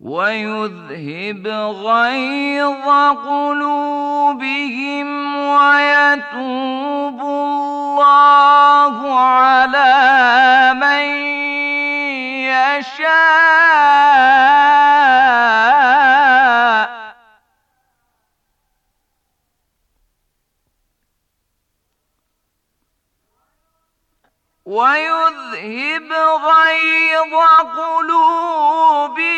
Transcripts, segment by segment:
ويذهب غيظ قلوبهم ويتوب الله على من يشاء ويذهب غيظ قلوبهم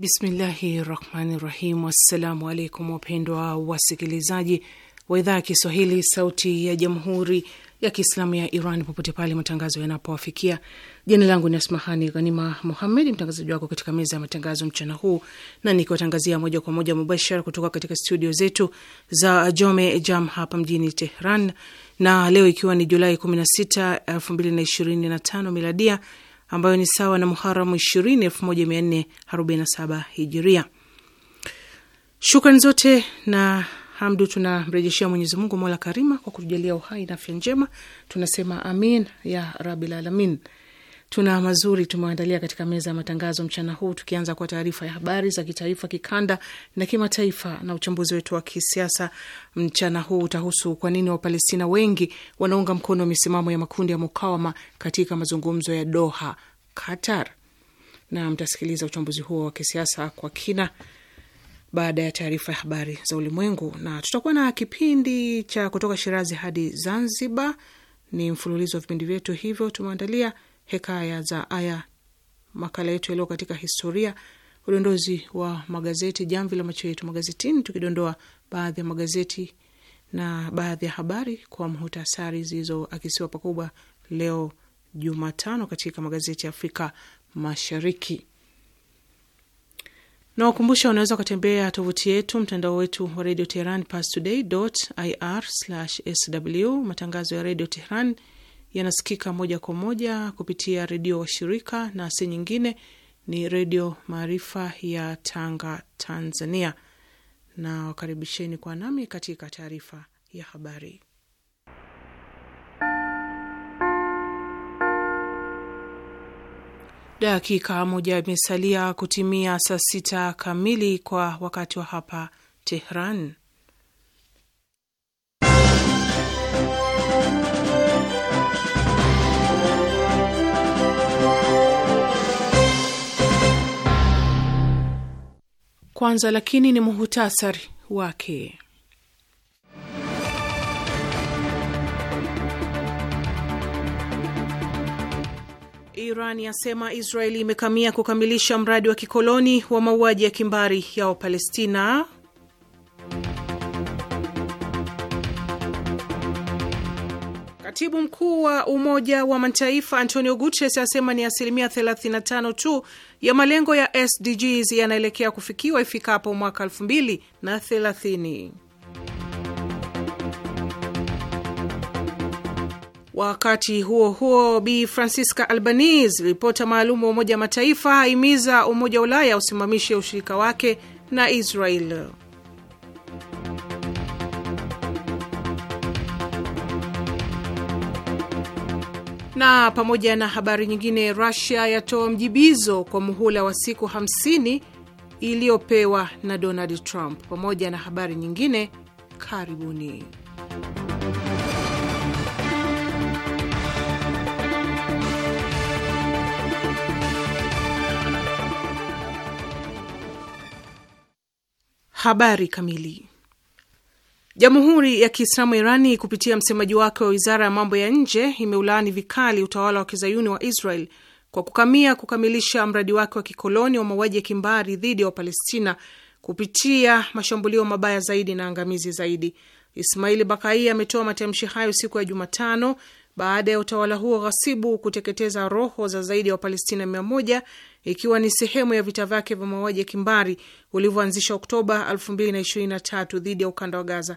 Bismillahi rahmani rahim. Wassalamu alaikum wapendwa wasikilizaji wa idhaa ya Kiswahili sauti ya jamhuri ya Kiislamu ya Iran popote pale matangazo yanapowafikia. Jina langu ni Asmahani Ghanima Muhammed, mtangazaji wako katika meza ya matangazo mchana huu, na nikiwatangazia moja kwa moja mubashara kutoka katika studio zetu za Jome Jam hapa mjini Tehran, na leo ikiwa ni Julai 16, 2025 miladia ambayo ni sawa na Muharamu 20 1447 Hijiria. Shukrani zote na hamdu tunamrejeshea Mwenyezi Mungu mola karima kwa kutujalia uhai na afya njema, tunasema amin ya rabil alamin. Tuna mazuri tumeandalia katika meza ya matangazo mchana huu, tukianza kwa taarifa ya habari za kitaifa, kikanda na kimataifa, na uchambuzi wetu wa kisiasa mchana huu utahusu kwa nini Wapalestina wengi wanaunga mkono misimamo ya makundi ya mukawama katika mazungumzo ya Doha, Qatar, na mtasikiliza uchambuzi huo wa kisiasa kwa kina baada ya taarifa ya habari za ulimwengu, na tutakuwa na kipindi cha kutoka Shirazi hadi Zanzibar. Ni mfululizo wa vipindi vyetu hivyo tumeandalia hekaya za aya, makala yetu yaliyo katika historia, udondozi wa magazeti, jamvi la macho yetu magazetini, tukidondoa baadhi ya magazeti na baadhi ya habari kwa muhtasari zilizoakisiwa pakubwa leo Jumatano katika magazeti ya Afrika Mashariki. Nawakumbusha, unaweza ukatembea tovuti yetu, mtandao wetu wa redio Tehran, pastoday.ir/sw. Matangazo ya redio teheran yanasikika moja kwa moja kupitia redio washirika, na si nyingine ni Redio Maarifa ya Tanga, Tanzania. Na wakaribisheni kwa nami katika taarifa ya habari. Dakika moja imesalia kutimia saa sita kamili kwa wakati wa hapa Tehran. kwanza, lakini ni muhutasari wake. Iran yasema Israeli imekamia kukamilisha mradi wa kikoloni wa mauaji ya kimbari ya Wapalestina. Katibu mkuu wa Umoja wa Mataifa Antonio Guterres asema ni asilimia 35 tu ya malengo ya SDGs yanaelekea kufikiwa ifikapo mwaka 2030. Wakati huo huo, Bi Francisca Albanese, ripota maalum wa Umoja wa Mataifa, haimiza Umoja wa Ulaya usimamishe ushirika wake na Israel. na pamoja na habari nyingine, rusia yatoa mjibizo kwa muhula wa siku 50 iliyopewa na Donald Trump, pamoja na habari nyingine. Karibuni. Habari kamili. Jamhuri ya Kiislamu Irani kupitia msemaji wake wa wizara ya mambo ya nje imeulaani vikali utawala wa kizayuni wa Israel kwa kukamia kukamilisha mradi wake wa kikoloni wa mauaji ya kimbari dhidi ya Wapalestina kupitia mashambulio mabaya zaidi na angamizi zaidi. Ismaili Bakai ametoa matamshi hayo siku ya Jumatano baada ya utawala huo ghasibu kuteketeza roho za zaidi ya wa Wapalestina mia moja ikiwa ni sehemu ya vita vyake vya mauaji ya kimbari ulivyoanzisha Oktoba 2023 dhidi ya ukanda wa Gaza.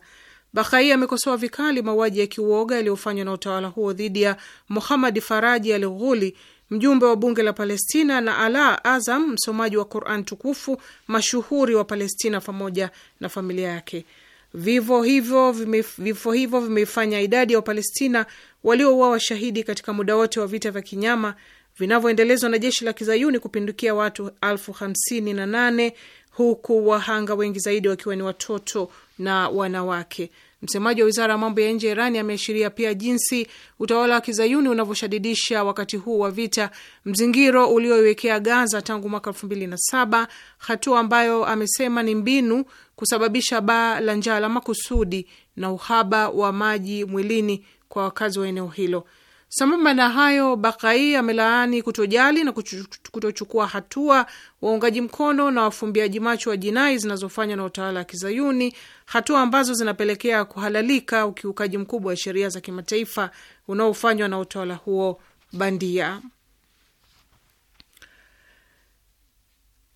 Bakai amekosoa vikali mauaji ya kiuoga yaliyofanywa na utawala huo dhidi ya Muhamadi Faraji Al Ghuli, mjumbe wa bunge la Palestina, na Ala Azam, msomaji wa Quran tukufu mashuhuri wa Palestina, pamoja na familia yake. Vifo hivyo vifo hivyo vimeifanya idadi ya Wapalestina waliouawa washahidi katika muda wote wa vita vya kinyama vinavyoendelezwa na jeshi la kizayuni kupindukia watu elfu hamsini na nane huku wahanga wengi zaidi wakiwa ni watoto na wanawake. Msemaji wa wizara ya mambo ya nje ya Irani ameashiria pia jinsi utawala wa kizayuni unavyoshadidisha wakati huu wa vita mzingiro ulioiwekea Gaza tangu mwaka elfu mbili na saba, hatua ambayo amesema ni mbinu kusababisha baa la njaa la makusudi na uhaba wa maji mwilini kwa wakazi wa eneo hilo. Sambamba na hayo, Bakai amelaani kutojali na kutochukua hatua waungaji mkono na wafumbiaji macho wa jinai zinazofanywa na utawala wa Kizayuni, hatua ambazo zinapelekea kuhalalika ukiukaji mkubwa wa sheria za kimataifa unaofanywa na utawala huo bandia.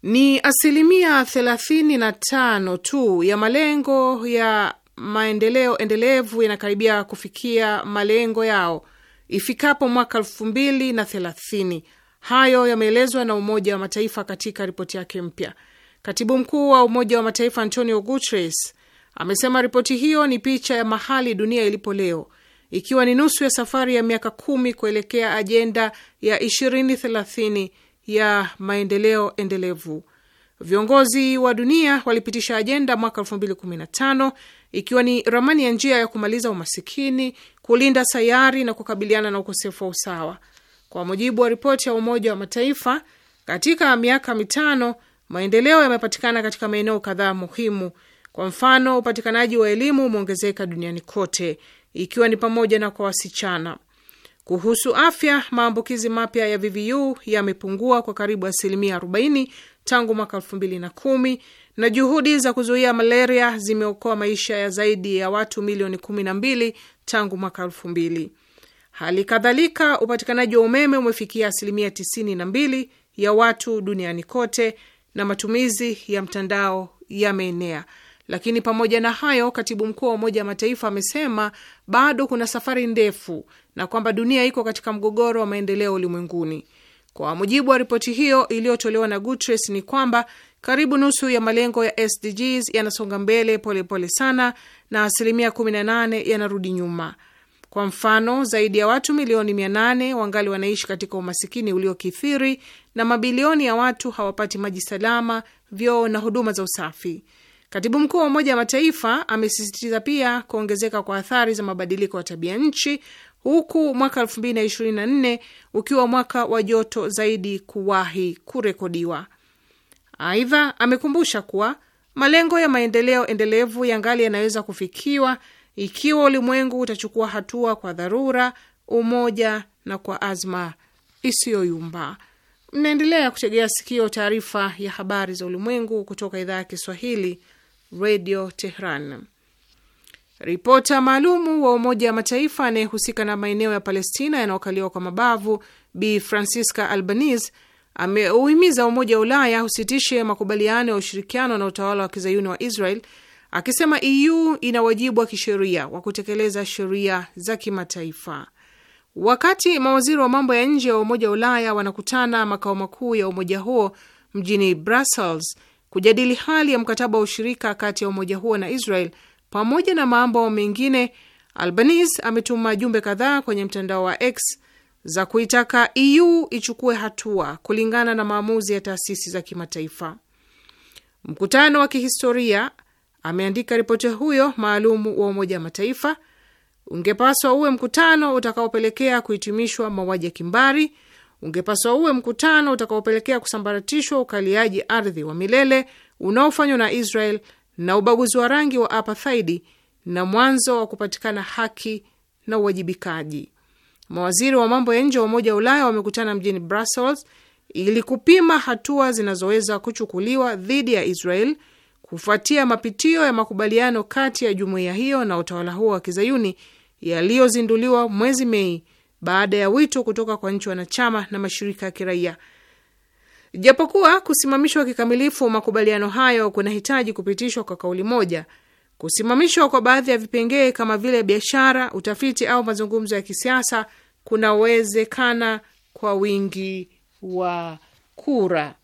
Ni asilimia thelathini na tano tu ya malengo ya maendeleo endelevu yanakaribia kufikia malengo yao ifikapo mwaka elfu mbili na thelathini. Hayo yameelezwa na Umoja wa Mataifa katika ripoti yake mpya. Katibu mkuu wa Umoja wa Mataifa Antonio Guterres amesema ripoti hiyo ni picha ya mahali dunia ilipo leo, ikiwa ni nusu ya safari ya miaka kumi kuelekea ajenda ya 2030 ya maendeleo endelevu. Viongozi wa dunia walipitisha ajenda mwaka 2015 ikiwa ni ramani ya njia ya kumaliza umasikini, kulinda sayari na kukabiliana na ukosefu wa usawa. Kwa mujibu wa ripoti ya Umoja wa Mataifa, katika miaka mitano maendeleo yamepatikana katika maeneo kadhaa muhimu. Kwa mfano, upatikanaji wa elimu umeongezeka duniani kote, ikiwa ni pamoja na kwa wasichana. Kuhusu afya, maambukizi mapya ya VVU yamepungua kwa karibu asilimia 40 tangu mwaka 2010 na juhudi za kuzuia malaria zimeokoa maisha ya zaidi ya watu milioni 12 tangu mwaka elfu mbili. Hali kadhalika upatikanaji wa umeme umefikia asilimia 92 ya watu duniani kote na matumizi ya mtandao yameenea. Lakini pamoja na hayo, katibu mkuu wa Umoja wa Mataifa amesema bado kuna safari ndefu na kwamba dunia iko katika mgogoro wa maendeleo ulimwenguni. Kwa mujibu wa ripoti hiyo iliyotolewa na Guterres ni kwamba karibu nusu ya malengo ya SDGs yanasonga mbele polepole pole sana, na asilimia 18 yanarudi nyuma. Kwa mfano, zaidi ya watu milioni 800 wangali wanaishi katika umasikini uliokithiri na mabilioni ya watu hawapati maji salama, vyoo na huduma za usafi. Katibu mkuu wa Umoja wa Mataifa amesisitiza pia kuongezeka kwa athari za mabadiliko ya tabia nchi, huku mwaka 2024 ukiwa mwaka wa joto zaidi kuwahi kurekodiwa. Aidha, amekumbusha kuwa malengo ya maendeleo endelevu yangali yanaweza kufikiwa ikiwa ulimwengu utachukua hatua kwa dharura, umoja na kwa azma isiyoyumba. Mnaendelea kutegea sikio taarifa ya habari za ulimwengu kutoka idhaa ya Kiswahili, Radio Tehran. Ripota maalumu wa Umoja wa Mataifa anayehusika na maeneo ya Palestina yanayokaliwa kwa mabavu Bi Francisca Albanese ameuhimiza Umoja wa Ulaya usitishe makubaliano ya ushirikiano na utawala wa kizayuni wa Israel akisema EU ina wajibu wa kisheria wa kutekeleza sheria za kimataifa. Wakati mawaziri wa mambo ya nje wa Umoja wa Ulaya wanakutana makao makuu ya umoja huo mjini Brussels kujadili hali ya mkataba wa ushirika kati ya umoja huo na Israel pamoja na mambo mengine, Albanese ametuma jumbe kadhaa kwenye mtandao wa X za kuitaka EU ichukue hatua kulingana na maamuzi ya taasisi za kimataifa. Mkutano wa kihistoria, ameandika ripoti huyo maalumu wa Umoja wa Mataifa, ungepaswa uwe mkutano utakaopelekea kuhitimishwa mauaji ya kimbari, ungepaswa uwe mkutano utakaopelekea kusambaratishwa ukaliaji ardhi wa milele unaofanywa na Israel na ubaguzi wa rangi wa apathaidi na mwanzo wa kupatikana haki na uwajibikaji. Mawaziri wa mambo ya nje wa Umoja wa Ulaya wamekutana mjini Brussels ili kupima hatua zinazoweza kuchukuliwa dhidi ya Israel kufuatia mapitio ya makubaliano kati ya jumuiya hiyo na utawala huo wa kizayuni yaliyozinduliwa mwezi Mei baada ya wito kutoka kwa nchi wanachama na mashirika ya kiraia. Japokuwa kusimamishwa kikamilifu makubaliano hayo kunahitaji kupitishwa kwa kauli moja, Kusimamishwa kwa baadhi ya vipengee kama vile biashara, utafiti au mazungumzo ya kisiasa kunawezekana kwa wingi wa kura.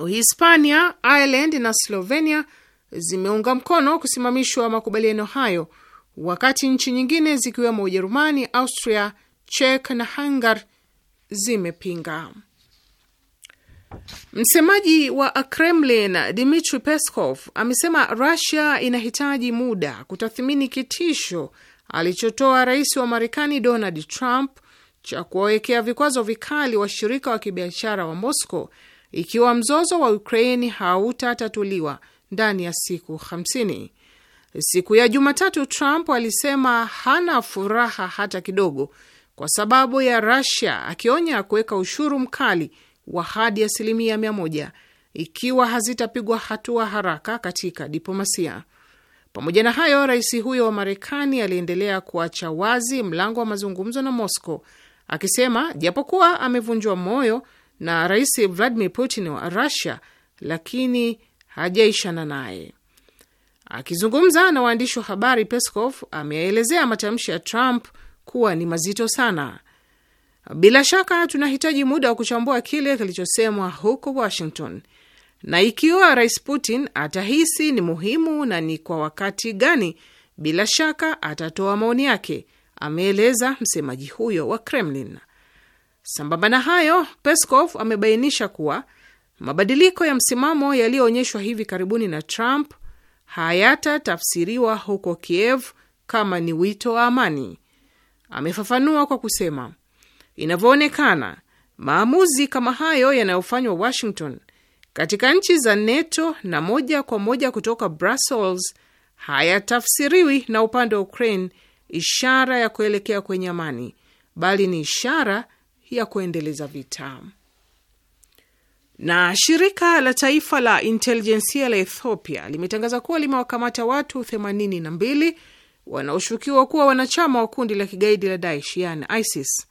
Uhispania, Ireland na Slovenia zimeunga mkono kusimamishwa makubaliano hayo, wakati nchi nyingine zikiwemo Ujerumani, Austria, Czech na Hungary zimepinga. Msemaji wa Kremlin dmitri Peskov amesema Rusia inahitaji muda kutathmini kitisho alichotoa rais wa Marekani Donald Trump cha kuwawekea vikwazo vikali washirika wa kibiashara wa Moscow ikiwa mzozo wa Ukraini hautatatuliwa ndani ya siku 50. Siku ya Jumatatu, Trump alisema hana furaha hata kidogo kwa sababu ya Rusia, akionya kuweka ushuru mkali wa hadi asilimia mia moja ikiwa hazitapigwa hatua haraka katika diplomasia. Pamoja na hayo, rais huyo wa Marekani aliendelea kuacha wazi mlango wa mazungumzo na Moscow akisema japokuwa amevunjwa moyo na rais Vladimir Putin wa rusia lakini hajaishana naye. Akizungumza na waandishi wa habari, Peskov ameelezea matamshi ya Trump kuwa ni mazito sana bila shaka tunahitaji muda wa kuchambua kile kilichosemwa huko Washington na ikiwa Rais Putin atahisi ni muhimu na ni kwa wakati gani, bila shaka atatoa maoni yake, ameeleza msemaji huyo wa Kremlin. Sambamba na hayo, Peskov amebainisha kuwa mabadiliko ya msimamo yaliyoonyeshwa hivi karibuni na Trump hayatatafsiriwa huko Kiev kama ni wito wa amani. Amefafanua kwa kusema Inavyoonekana, maamuzi kama hayo yanayofanywa Washington katika nchi za NATO na moja kwa moja kutoka Brussels hayatafsiriwi na upande wa Ukraine ishara ya kuelekea kwenye amani, bali ni ishara ya kuendeleza vita. Na shirika la taifa la intelijensia la Ethiopia limetangaza kuwa limewakamata watu 82 wanaoshukiwa kuwa wanachama wa kundi la kigaidi la Daesh, yani ISIS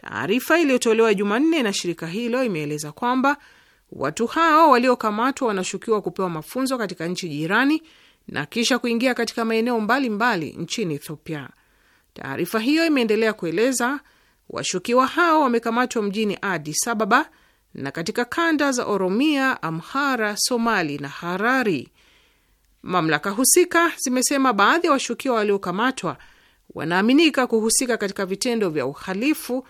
Taarifa iliyotolewa Jumanne na shirika hilo imeeleza kwamba watu hao waliokamatwa wanashukiwa kupewa mafunzo katika nchi jirani na kisha kuingia katika maeneo mbalimbali nchini Ethiopia. Taarifa hiyo imeendelea kueleza washukiwa hao wamekamatwa mjini Addis Ababa na katika kanda za Oromia, Amhara, Somali na Harari. Mamlaka husika zimesema baadhi ya washukiwa waliokamatwa wanaaminika kuhusika katika vitendo vya uhalifu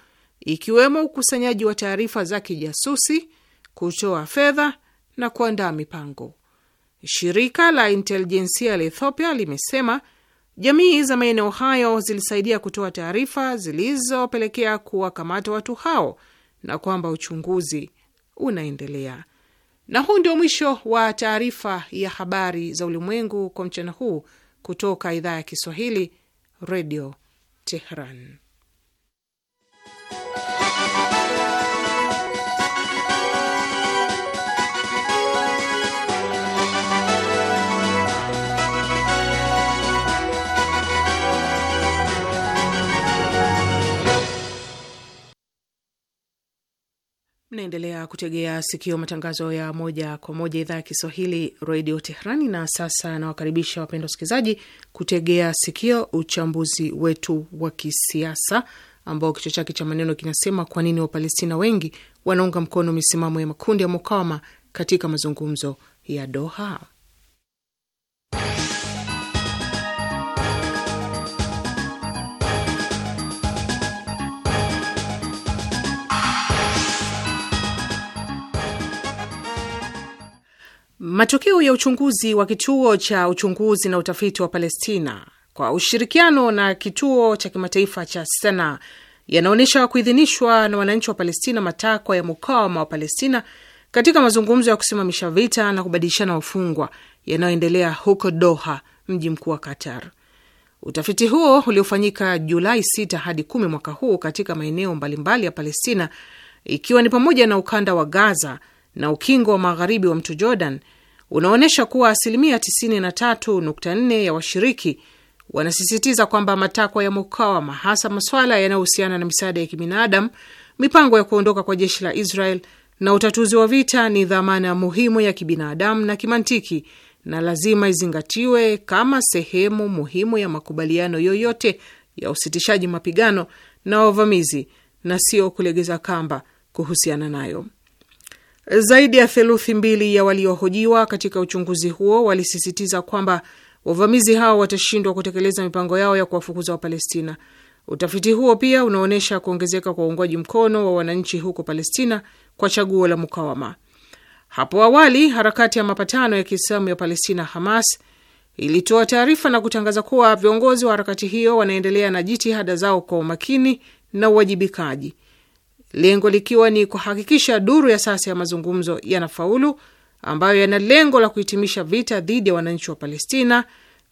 ikiwemo ukusanyaji wa taarifa za kijasusi, kutoa fedha na kuandaa mipango. Shirika la intelijensia la Ethiopia limesema jamii za maeneo hayo zilisaidia kutoa taarifa zilizopelekea kuwakamata watu hao na kwamba uchunguzi unaendelea. Na huu ndio mwisho wa taarifa ya habari za ulimwengu kwa mchana huu kutoka idhaa ya Kiswahili, Redio Tehran. Naendelea kutegea sikio matangazo ya moja kwa moja idhaa ya Kiswahili redio Tehrani. Na sasa nawakaribisha wapendwa wasikilizaji kutegea sikio uchambuzi wetu wa kisiasa ambao kichwa chake cha maneno kinasema kwa nini Wapalestina wengi wanaunga mkono misimamo ya makundi ya mukawama katika mazungumzo ya Doha. Matokeo ya uchunguzi wa kituo cha uchunguzi na utafiti wa Palestina kwa ushirikiano na kituo cha kimataifa cha Sanaa yanaonyesha kuidhinishwa na wananchi wa Palestina matakwa ya mukawama wa Palestina katika mazungumzo ya kusimamisha vita na kubadilishana wafungwa yanayoendelea huko Doha, mji mkuu wa Qatar. Utafiti huo uliofanyika Julai 6 hadi 10 mwaka huu katika maeneo mbalimbali ya Palestina, ikiwa ni pamoja na ukanda wa Gaza na ukingo wa magharibi wa mto Jordan, unaonyesha kuwa asilimia 93.4 ya washiriki wanasisitiza kwamba matakwa ya mukawama, hasa maswala yanayohusiana na misaada ya kibinadamu, mipango ya kuondoka kwa jeshi la Israel na utatuzi wa vita, ni dhamana muhimu ya kibinadamu na kimantiki na lazima izingatiwe kama sehemu muhimu ya makubaliano yoyote ya usitishaji mapigano na wavamizi na sio kulegeza kamba kuhusiana nayo. Zaidi ya theluthi mbili ya waliohojiwa katika uchunguzi huo walisisitiza kwamba wavamizi hao watashindwa kutekeleza mipango yao ya kuwafukuza Wapalestina. Utafiti huo pia unaonyesha kuongezeka kwa uungwaji mkono wa wananchi huko Palestina kwa chaguo la mukawama. Hapo awali harakati ya mapatano ya Kiislamu ya Palestina, Hamas, ilitoa taarifa na kutangaza kuwa viongozi wa harakati hiyo wanaendelea na jitihada zao kwa umakini na uwajibikaji, lengo likiwa ni kuhakikisha duru ya sasa ya mazungumzo yanafaulu ambayo yana lengo la kuhitimisha vita dhidi ya wananchi wa Palestina,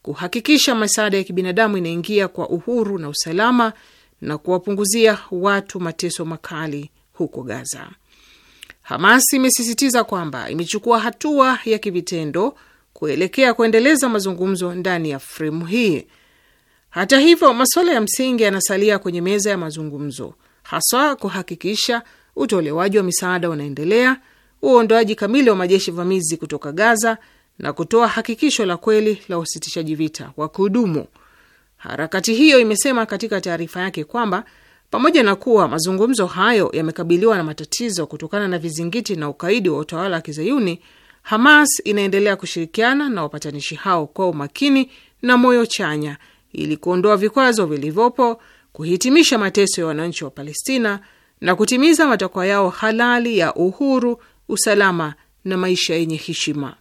kuhakikisha misaada ya kibinadamu inaingia kwa uhuru na usalama, na kuwapunguzia watu mateso makali huko Gaza. Hamas imesisitiza kwamba imechukua hatua ya kivitendo kuelekea kuendeleza mazungumzo ndani ya fremu hii. Hata hivyo, masuala ya msingi yanasalia kwenye meza ya mazungumzo, haswa kuhakikisha utolewaji wa misaada unaendelea uondoaji kamili wa majeshi vamizi kutoka Gaza na kutoa hakikisho la kweli la usitishaji vita wa kudumu. Harakati hiyo imesema katika taarifa yake kwamba pamoja na kuwa mazungumzo hayo yamekabiliwa na matatizo kutokana na vizingiti na ukaidi wa utawala wa Kizayuni, Hamas inaendelea kushirikiana na wapatanishi hao kwa umakini na moyo chanya ili kuondoa vikwazo vilivyopo, kuhitimisha mateso ya wananchi wa Palestina na kutimiza matakwa yao halali ya uhuru usalama na maisha yenye heshima.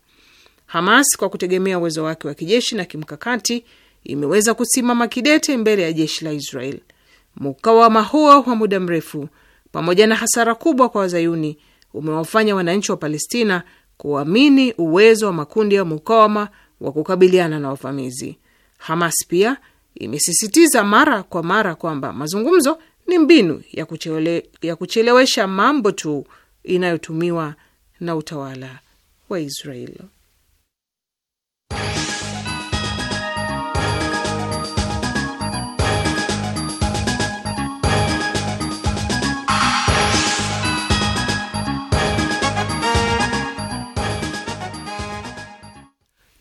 Hamas kwa kutegemea uwezo wake wa kijeshi na kimkakati imeweza kusimama kidete mbele ya jeshi la Israel. Mukawama huo wa muda mrefu, pamoja na hasara kubwa kwa Wazayuni, umewafanya wananchi wa Palestina kuamini uwezo wa makundi ya mukawama wa kukabiliana na wavamizi. Hamas pia imesisitiza mara kwa mara kwamba mazungumzo ni mbinu ya kuchele, ya kuchelewesha mambo tu inayotumiwa na utawala wa Israeli.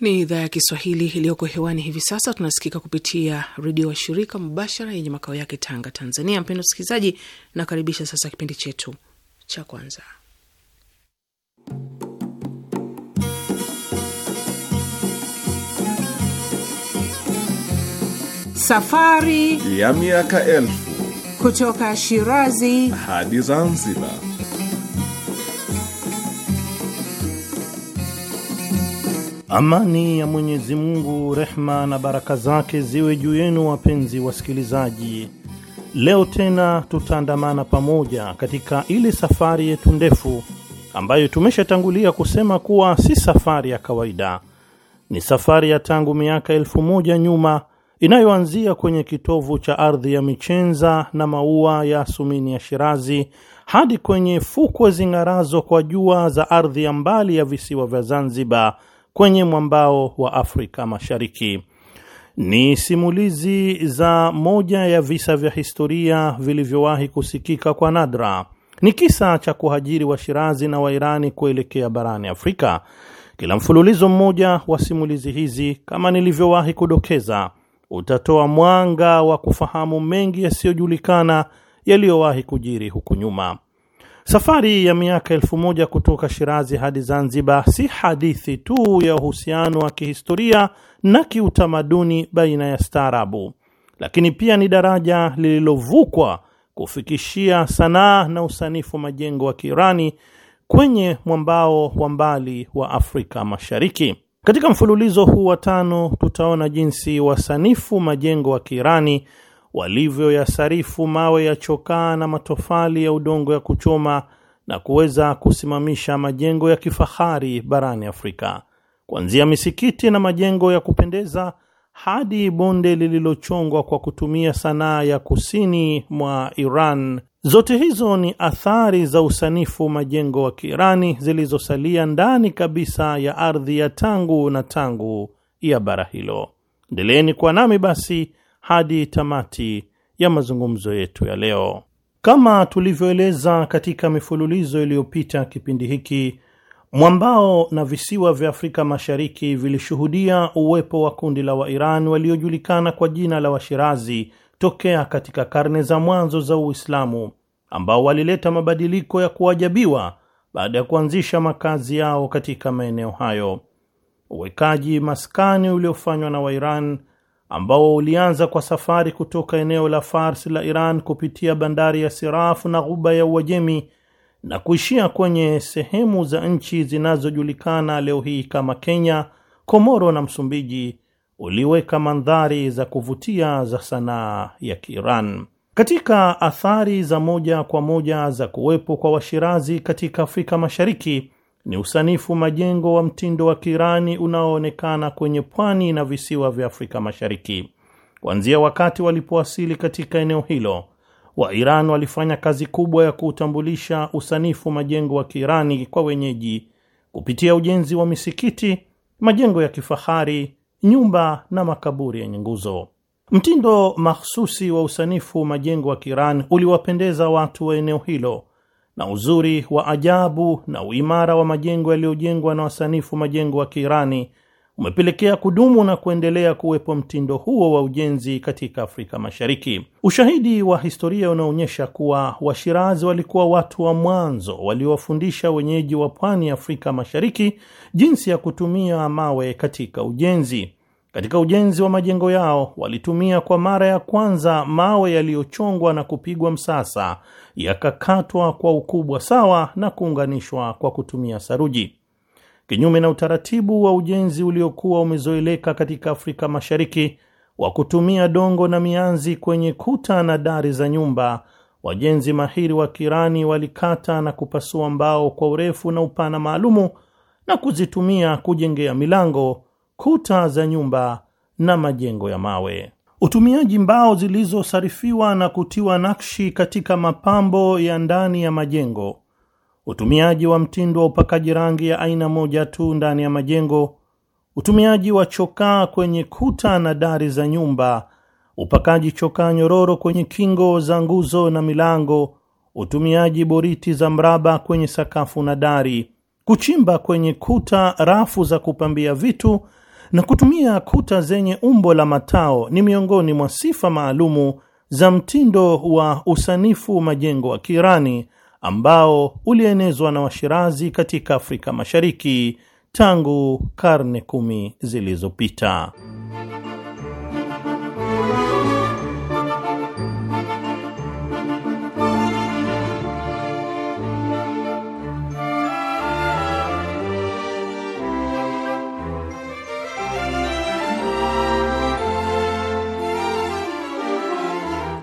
Ni idhaa ya Kiswahili iliyoko hewani hivi sasa. Tunasikika kupitia redio wa shirika mubashara yenye makao yake Tanga, Tanzania. Mpendo msikilizaji, nakaribisha sasa kipindi chetu cha kwanza Safari ya miaka elfu kutoka Shirazi hadi Zanzibar. Amani ya Mwenyezi Mungu, rehma na baraka zake ziwe juu yenu, wapenzi wasikilizaji. Leo tena tutaandamana pamoja katika ile safari yetu ndefu ambayo tumeshatangulia kusema kuwa si safari ya kawaida, ni safari ya tangu miaka elfu moja nyuma inayoanzia kwenye kitovu cha ardhi ya michenza na maua ya sumini ya Shirazi hadi kwenye fukwe zing'arazo kwa jua za ardhi ya mbali ya visiwa vya Zanzibar kwenye mwambao wa Afrika Mashariki. Ni simulizi za moja ya visa vya historia vilivyowahi kusikika kwa nadra. Ni kisa cha kuhajiri Washirazi na Wairani kuelekea barani Afrika. Kila mfululizo mmoja wa simulizi hizi, kama nilivyowahi kudokeza utatoa mwanga wa kufahamu mengi yasiyojulikana yaliyowahi kujiri huku nyuma. Safari ya miaka elfu moja kutoka Shirazi hadi Zanzibar si hadithi tu ya uhusiano wa kihistoria na kiutamaduni baina ya staarabu, lakini pia ni daraja lililovukwa kufikishia sanaa na usanifu wa majengo wa Kiirani kwenye mwambao wa mbali wa Afrika Mashariki. Katika mfululizo huu wa tano tutaona jinsi wasanifu majengo wa Kiirani walivyoyasarifu mawe ya chokaa na matofali ya udongo ya kuchoma na kuweza kusimamisha majengo ya kifahari barani Afrika, kuanzia misikiti na majengo ya kupendeza hadi bonde lililochongwa kwa kutumia sanaa ya kusini mwa Iran Zote hizo ni athari za usanifu majengo wa Kiirani zilizosalia ndani kabisa ya ardhi ya tangu na tangu ya bara hilo. Endeleeni kuwa nami basi hadi tamati ya mazungumzo yetu ya leo. Kama tulivyoeleza katika mifululizo iliyopita, kipindi hiki mwambao na visiwa vya Afrika Mashariki vilishuhudia uwepo wa kundi la wairan waliojulikana kwa jina la Washirazi tokea katika karne za mwanzo za Uislamu ambao walileta mabadiliko ya kuajabiwa baada ya kuanzisha makazi yao katika maeneo hayo. Uwekaji maskani uliofanywa na Wairan ambao ulianza kwa safari kutoka eneo la Fars la Iran kupitia bandari ya Sirafu na ghuba ya Uajemi na kuishia kwenye sehemu za nchi zinazojulikana leo hii kama Kenya, Komoro na Msumbiji uliweka mandhari za kuvutia za sanaa ya Kiiran. Katika athari za moja kwa moja za kuwepo kwa Washirazi katika Afrika Mashariki ni usanifu majengo wa mtindo wa Kiirani unaoonekana kwenye pwani na visiwa vya Afrika Mashariki. Kuanzia wakati walipowasili katika eneo hilo, wairan walifanya kazi kubwa ya kuutambulisha usanifu majengo wa Kiirani kwa wenyeji kupitia ujenzi wa misikiti, majengo ya kifahari nyumba na makaburi yenye nguzo. Mtindo mahsusi wa usanifu majengo wa Kiran uliwapendeza watu wa eneo hilo, na uzuri wa ajabu na uimara wa majengo yaliyojengwa na wasanifu majengo wa Kiirani umepelekea kudumu na kuendelea kuwepo mtindo huo wa ujenzi katika Afrika Mashariki. Ushahidi wa historia unaonyesha kuwa Washirazi walikuwa watu wa mwanzo waliowafundisha wenyeji wa pwani ya Afrika Mashariki jinsi ya kutumia mawe katika ujenzi. Katika ujenzi wa majengo yao walitumia kwa mara ya kwanza mawe yaliyochongwa na kupigwa msasa, yakakatwa kwa ukubwa sawa na kuunganishwa kwa kutumia saruji. Kinyume na utaratibu wa ujenzi uliokuwa umezoeleka katika Afrika Mashariki wa kutumia dongo na mianzi kwenye kuta na dari za nyumba, wajenzi mahiri wa Kirani walikata na kupasua mbao kwa urefu na upana maalumu na kuzitumia kujengea milango kuta za nyumba na majengo ya mawe. Utumiaji mbao zilizosarifiwa na kutiwa nakshi katika mapambo ya ndani ya majengo, utumiaji wa mtindo wa upakaji rangi ya aina moja tu ndani ya majengo, utumiaji wa chokaa kwenye kuta na dari za nyumba, upakaji chokaa nyororo kwenye kingo za nguzo na milango, utumiaji boriti za mraba kwenye sakafu na dari, kuchimba kwenye kuta rafu za kupambia vitu na kutumia kuta zenye umbo la matao ni miongoni mwa sifa maalumu za mtindo wa usanifu majengo wa Kiirani ambao ulienezwa na Washirazi katika Afrika Mashariki tangu karne kumi zilizopita.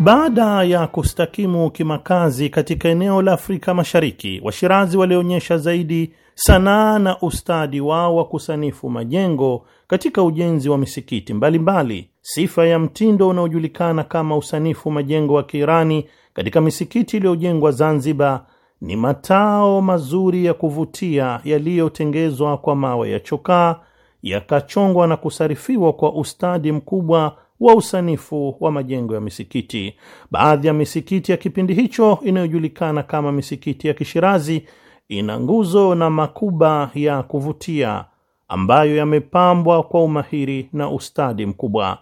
Baada ya kustakimu kimakazi katika eneo la Afrika Mashariki, Washirazi walionyesha zaidi sanaa na ustadi wao wa kusanifu majengo katika ujenzi wa misikiti mbalimbali mbali. Sifa ya mtindo unaojulikana kama usanifu majengo wa Kiirani katika misikiti iliyojengwa Zanzibar ni matao mazuri ya kuvutia yaliyotengezwa kwa mawe ya chokaa yakachongwa na kusarifiwa kwa ustadi mkubwa wa usanifu wa majengo ya misikiti. Baadhi ya misikiti ya kipindi hicho inayojulikana kama misikiti ya Kishirazi ina nguzo na makuba ya kuvutia ambayo yamepambwa kwa umahiri na ustadi mkubwa.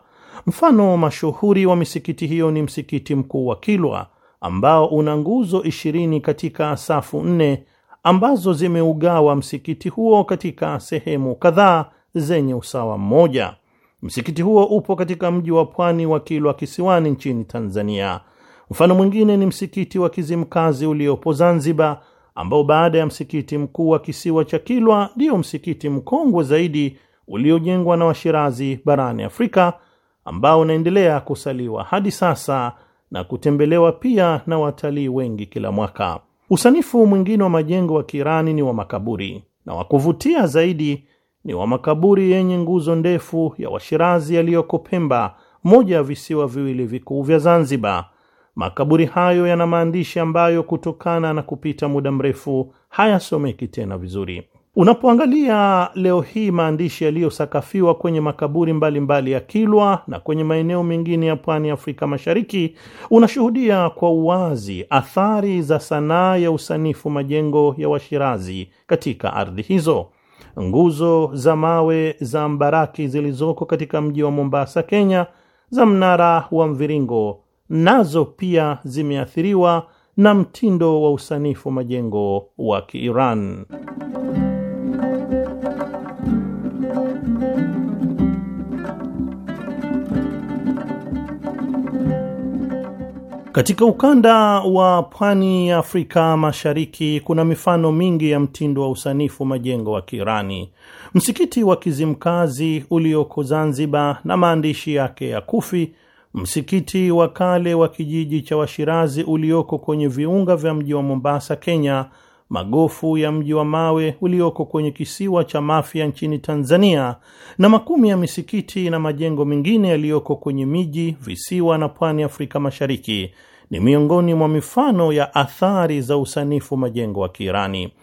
Mfano mashuhuri wa misikiti hiyo ni msikiti mkuu wa Kilwa ambao una nguzo ishirini katika safu nne ambazo zimeugawa msikiti huo katika sehemu kadhaa zenye usawa mmoja. Msikiti huo upo katika mji wa pwani wa Kilwa Kisiwani nchini Tanzania. Mfano mwingine ni msikiti wa Kizimkazi uliopo Zanzibar, ambao baada ya msikiti mkuu wa kisiwa cha Kilwa ndiyo msikiti mkongwe zaidi uliojengwa na Washirazi barani Afrika, ambao unaendelea kusaliwa hadi sasa na kutembelewa pia na watalii wengi kila mwaka. Usanifu mwingine wa majengo wa Kiirani ni wa makaburi na wa kuvutia zaidi ni wa makaburi yenye nguzo ndefu ya Washirazi yaliyoko Pemba, moja ya visiwa viwili vikuu vya Zanzibar. Makaburi hayo yana maandishi ambayo kutokana na kupita muda mrefu hayasomeki tena vizuri. Unapoangalia leo hii maandishi yaliyosakafiwa kwenye makaburi mbalimbali mbali ya Kilwa na kwenye maeneo mengine ya pwani ya Afrika Mashariki, unashuhudia kwa uwazi athari za sanaa ya usanifu majengo ya Washirazi katika ardhi hizo nguzo za mawe za mbaraki zilizoko katika mji wa Mombasa, Kenya, za mnara wa mviringo nazo pia zimeathiriwa na mtindo wa usanifu majengo wa Kiiran. Katika ukanda wa pwani ya Afrika Mashariki kuna mifano mingi ya mtindo wa usanifu majengo wa Kiirani. Msikiti wa Kizimkazi ulioko Zanzibar na maandishi yake ya Kufi, msikiti wa kale wa kijiji cha Washirazi ulioko kwenye viunga vya mji wa Mombasa, Kenya, magofu ya mji wa mawe ulioko kwenye kisiwa cha Mafia nchini Tanzania, na makumi ya misikiti na majengo mengine yaliyoko kwenye miji, visiwa na pwani Afrika Mashariki ni miongoni mwa mifano ya athari za usanifu majengo wa Kiirani.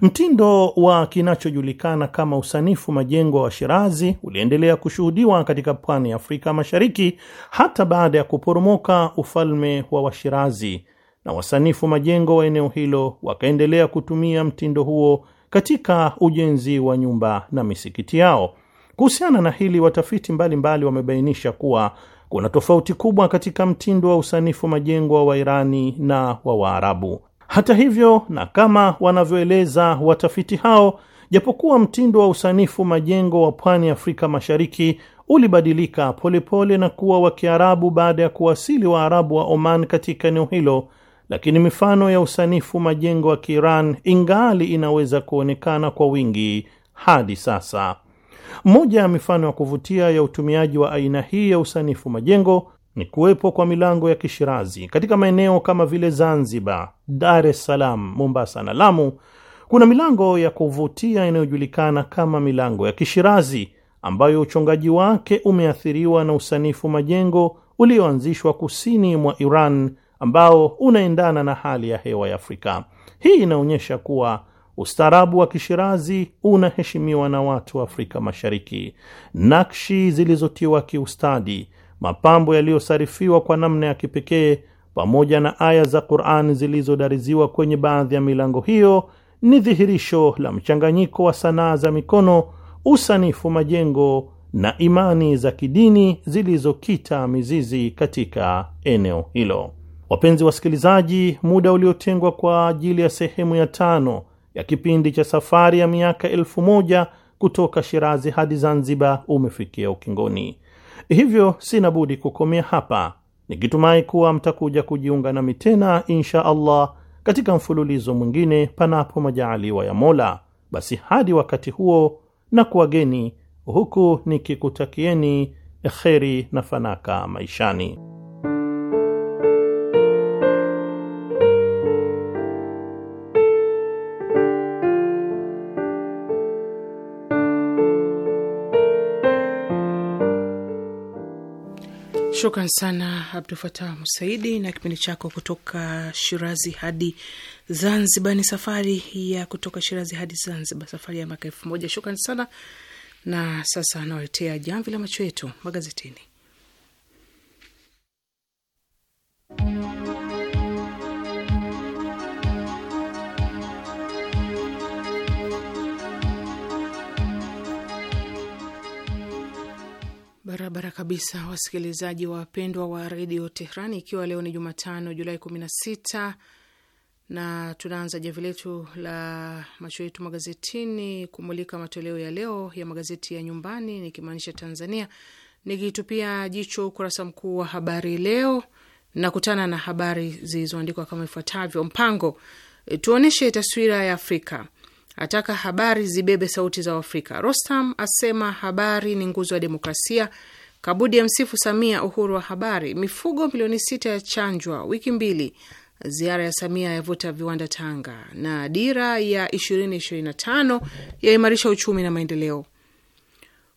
Mtindo wa kinachojulikana kama usanifu majengo wa Shirazi uliendelea kushuhudiwa katika pwani ya Afrika Mashariki hata baada ya kuporomoka ufalme wa Washirazi na wasanifu majengo wa eneo hilo wakaendelea kutumia mtindo huo katika ujenzi wa nyumba na misikiti yao. Kuhusiana na hili, watafiti mbalimbali mbali wamebainisha kuwa kuna tofauti kubwa katika mtindo wa usanifu majengo wa Wairani na wa Waarabu. Hata hivyo, na kama wanavyoeleza watafiti hao, japokuwa mtindo wa usanifu majengo wa pwani Afrika Mashariki ulibadilika polepole pole na kuwa wa Kiarabu baada ya kuwasili Waarabu wa Oman katika eneo hilo lakini mifano ya usanifu majengo ya Kiiran ingali inaweza kuonekana kwa wingi hadi sasa. Moja ya mifano ya kuvutia ya utumiaji wa aina hii ya usanifu majengo ni kuwepo kwa milango ya Kishirazi katika maeneo kama vile Zanzibar, Dar es Salaam, Mombasa na Lamu. Kuna milango ya kuvutia inayojulikana kama milango ya Kishirazi ambayo uchongaji wake umeathiriwa na usanifu majengo ulioanzishwa kusini mwa Iran ambao unaendana na hali ya hewa ya Afrika. Hii inaonyesha kuwa ustaarabu wa Kishirazi unaheshimiwa na watu wa Afrika Mashariki. Nakshi zilizotiwa kiustadi, mapambo yaliyosarifiwa kwa namna ya kipekee, pamoja na aya za quran zilizodariziwa kwenye baadhi ya milango hiyo ni dhihirisho la mchanganyiko wa sanaa za mikono, usanifu majengo na imani za kidini zilizokita mizizi katika eneo hilo. Wapenzi wasikilizaji, muda uliotengwa kwa ajili ya sehemu ya tano ya kipindi cha safari ya miaka elfu moja kutoka Shirazi hadi Zanzibar umefikia ukingoni, hivyo sina budi kukomea hapa nikitumai kuwa mtakuja kujiunga nami tena insha Allah katika mfululizo mwingine, panapo majaaliwa ya Mola. Basi hadi wakati huo, na kuwageni huku nikikutakieni kheri na fanaka maishani. Shukran sana Abdul Fatah Musaidi na kipindi chako kutoka Shirazi hadi Zanzibar. Ni safari ya kutoka Shirazi hadi Zanzibar, safari ya mwaka elfu moja. Shukran sana na sasa anawaletea jamvi la macho yetu magazetini. Barabara kabisa, wasikilizaji wapendwa wa redio Tehran, ikiwa leo ni Jumatano Julai 16 na tunaanza javi letu la macho yetu magazetini kumulika matoleo ya leo ya magazeti ya nyumbani, nikimaanisha Tanzania, nikitupia jicho ukurasa mkuu wa habari leo nakutana na habari zilizoandikwa kama ifuatavyo: Mpango, e, tuonyeshe taswira ya Afrika, ataka habari zibebe sauti za Afrika. Rostam asema habari ni nguzo ya demokrasia. Kabudi ya msifu Samia uhuru wa habari. Mifugo milioni sita chanjwa wiki mbili. Ziara ya Samia yavuta viwanda Tanga, na dira ya 2025 yaimarisha uchumi na maendeleo.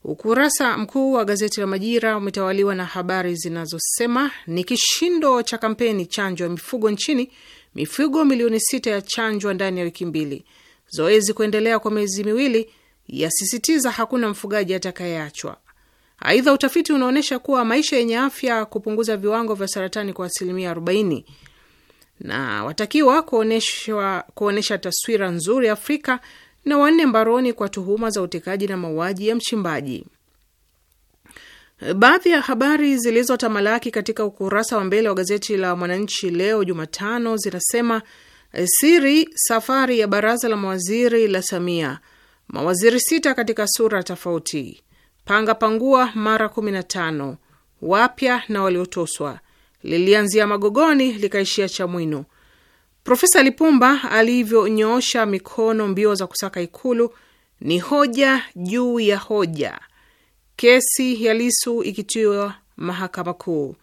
Ukurasa mkuu wa gazeti la Majira umetawaliwa na habari zinazosema ni kishindo cha kampeni chanjo ya mifugo nchini, mifugo milioni sita ya chanjwa ndani ya wiki mbili, zoezi kuendelea kwa miezi miwili, yasisitiza hakuna mfugaji atakayeachwa Aidha, utafiti unaonyesha kuwa maisha yenye afya kupunguza viwango vya saratani kwa asilimia 40, na watakiwa kuonyesha taswira nzuri Afrika na wanne mbaroni kwa tuhuma za utekaji na mauaji ya mchimbaji. Baadhi ya habari zilizotamalaki katika ukurasa wa mbele wa gazeti la Mwananchi leo Jumatano zinasema eh, siri safari ya baraza la mawaziri la Samia, mawaziri sita katika sura tofauti panga pangua mara 15 wapya na waliotoswa lilianzia Magogoni likaishia Chamwino. Profesa Lipumba alivyonyoosha mikono mbio za kusaka Ikulu ni hoja juu ya hoja, kesi ya Lisu ikitiwa mahakama kuu,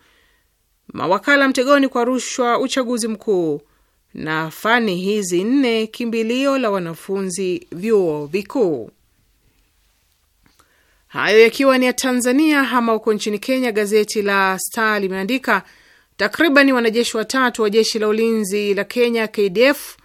mawakala mtegoni kwa rushwa, uchaguzi mkuu na fani hizi nne kimbilio la wanafunzi vyuo vikuu. Hayo yakiwa ni ya Tanzania. Ama huko nchini Kenya, gazeti la Star limeandika takribani wanajeshi watatu wa jeshi la ulinzi la Kenya KDF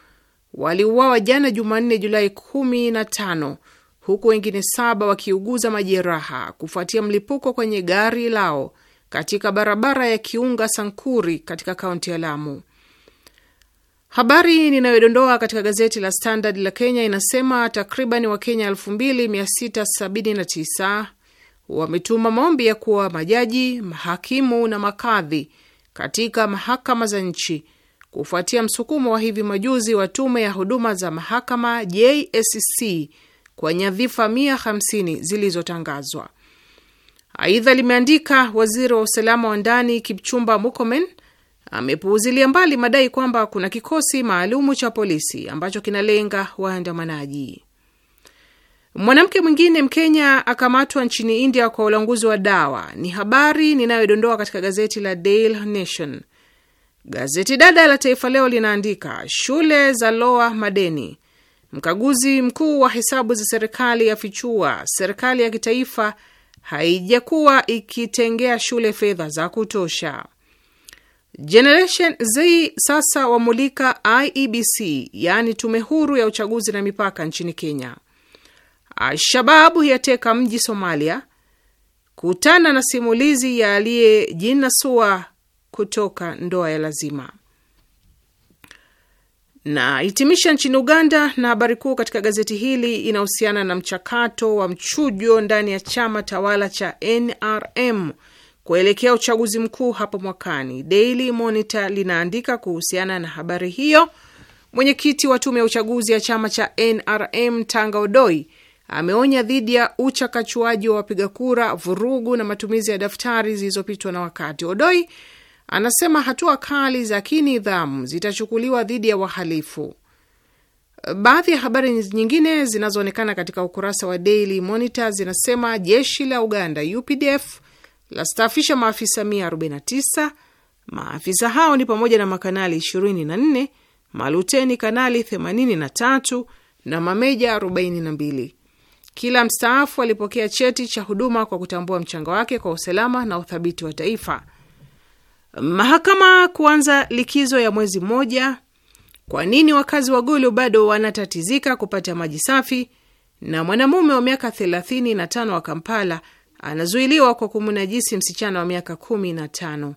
waliuawa jana Jumanne, Julai 15 huku wengine saba wakiuguza majeraha kufuatia mlipuko kwenye gari lao katika barabara ya Kiunga Sankuri katika kaunti ya Lamu. Habari ninayodondoa katika gazeti la Standard la Kenya inasema takriban Wakenya 2679 wametuma maombi ya kuwa majaji, mahakimu na makadhi katika mahakama za nchi kufuatia msukumo wa hivi majuzi wa tume ya huduma za mahakama JSC kwa nyadhifa 150 zilizotangazwa. Aidha limeandika waziri wa usalama wa ndani Kipchumba Mukomen amepuuzilia mbali madai kwamba kuna kikosi maalumu cha polisi ambacho kinalenga waandamanaji. Mwanamke mwingine Mkenya akamatwa nchini India kwa ulanguzi wa dawa ni habari ninayodondoa katika gazeti la Daily Nation. Gazeti dada la Taifa Leo linaandika shule za loa madeni, mkaguzi mkuu wa hesabu za serikali fichua serikali ya kitaifa haijakuwa ikitengea shule fedha za kutosha. Generation Z sasa wamulika IEBC, yaani tume huru ya uchaguzi na mipaka nchini Kenya. Alshababu yateka mji Somalia. Kutana na simulizi ya sua kutoka ndoa ya lazima. Na hitimisha nchini Uganda, na habari kuu katika gazeti hili inahusiana na mchakato wa mchujo ndani ya chama tawala cha NRM kuelekea uchaguzi mkuu hapo mwakani. Daily Monitor linaandika kuhusiana na habari hiyo. Mwenyekiti wa tume ya uchaguzi ya chama cha NRM Tanga Odoi ameonya dhidi ya uchakachuaji wa wapiga kura, vurugu na matumizi ya daftari zilizopitwa na wakati. Odoi anasema hatua kali za kinidhamu zitachukuliwa dhidi ya wahalifu. Baadhi ya habari nyingine zinazoonekana katika ukurasa wa Daily Monitor zinasema jeshi la Uganda UPDF lastaafisha maafisa 149. Maafisa hao ni pamoja na makanali 24, maluteni kanali 83 na mameja 42. Kila mstaafu alipokea cheti cha huduma kwa kutambua mchango wake kwa usalama na uthabiti wa taifa. Mahakama kuanza likizo ya mwezi mmoja. Kwa nini wakazi wa Gulu bado wanatatizika kupata maji safi? Na mwanamume wa miaka 35 wa Kampala anazuiliwa kwa kumnajisi msichana wa miaka kumi na tano.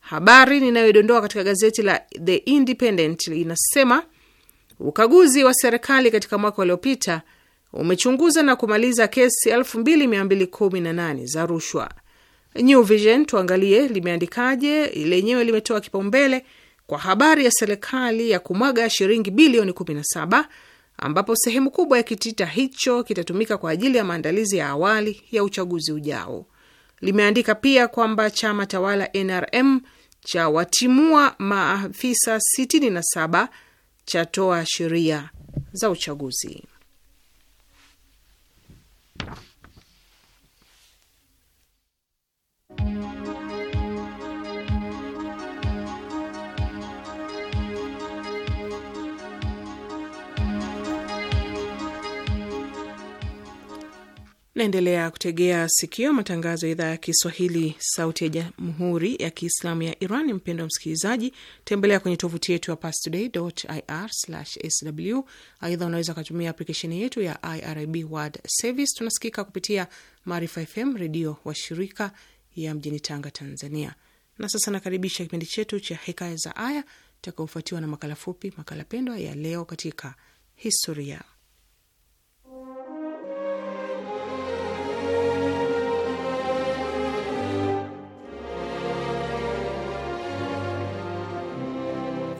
Habari ninayodondoa katika gazeti la The Independent inasema ukaguzi wa serikali katika mwaka uliopita umechunguza na kumaliza kesi 2218 za rushwa. New Vision tuangalie limeandikaje, lenyewe limetoa kipaumbele kwa habari ya serikali ya kumwaga shilingi bilioni 17 ambapo sehemu kubwa ya kitita hicho kitatumika kwa ajili ya maandalizi ya awali ya uchaguzi ujao. Limeandika pia kwamba chama tawala NRM cha watimua maafisa 67 chatoa sheria za uchaguzi. Naendelea kutegea sikio matangazo ya idhaa ya Kiswahili, sauti ya jamhuri ya kiislamu ya Iran. Mpendo wa msikilizaji, tembelea kwenye tovuti yetu ya pastoday.ir/sw. Aidha, unaweza ukatumia aplikesheni yetu ya IRIB World Service. Tunasikika kupitia Maarifa FM redio wa shirika ya mjini Tanga, Tanzania. Na sasa nakaribisha kipindi chetu cha Hekaya za Aya takaofuatiwa na makala fupi, makala pendwa ya Leo katika Historia.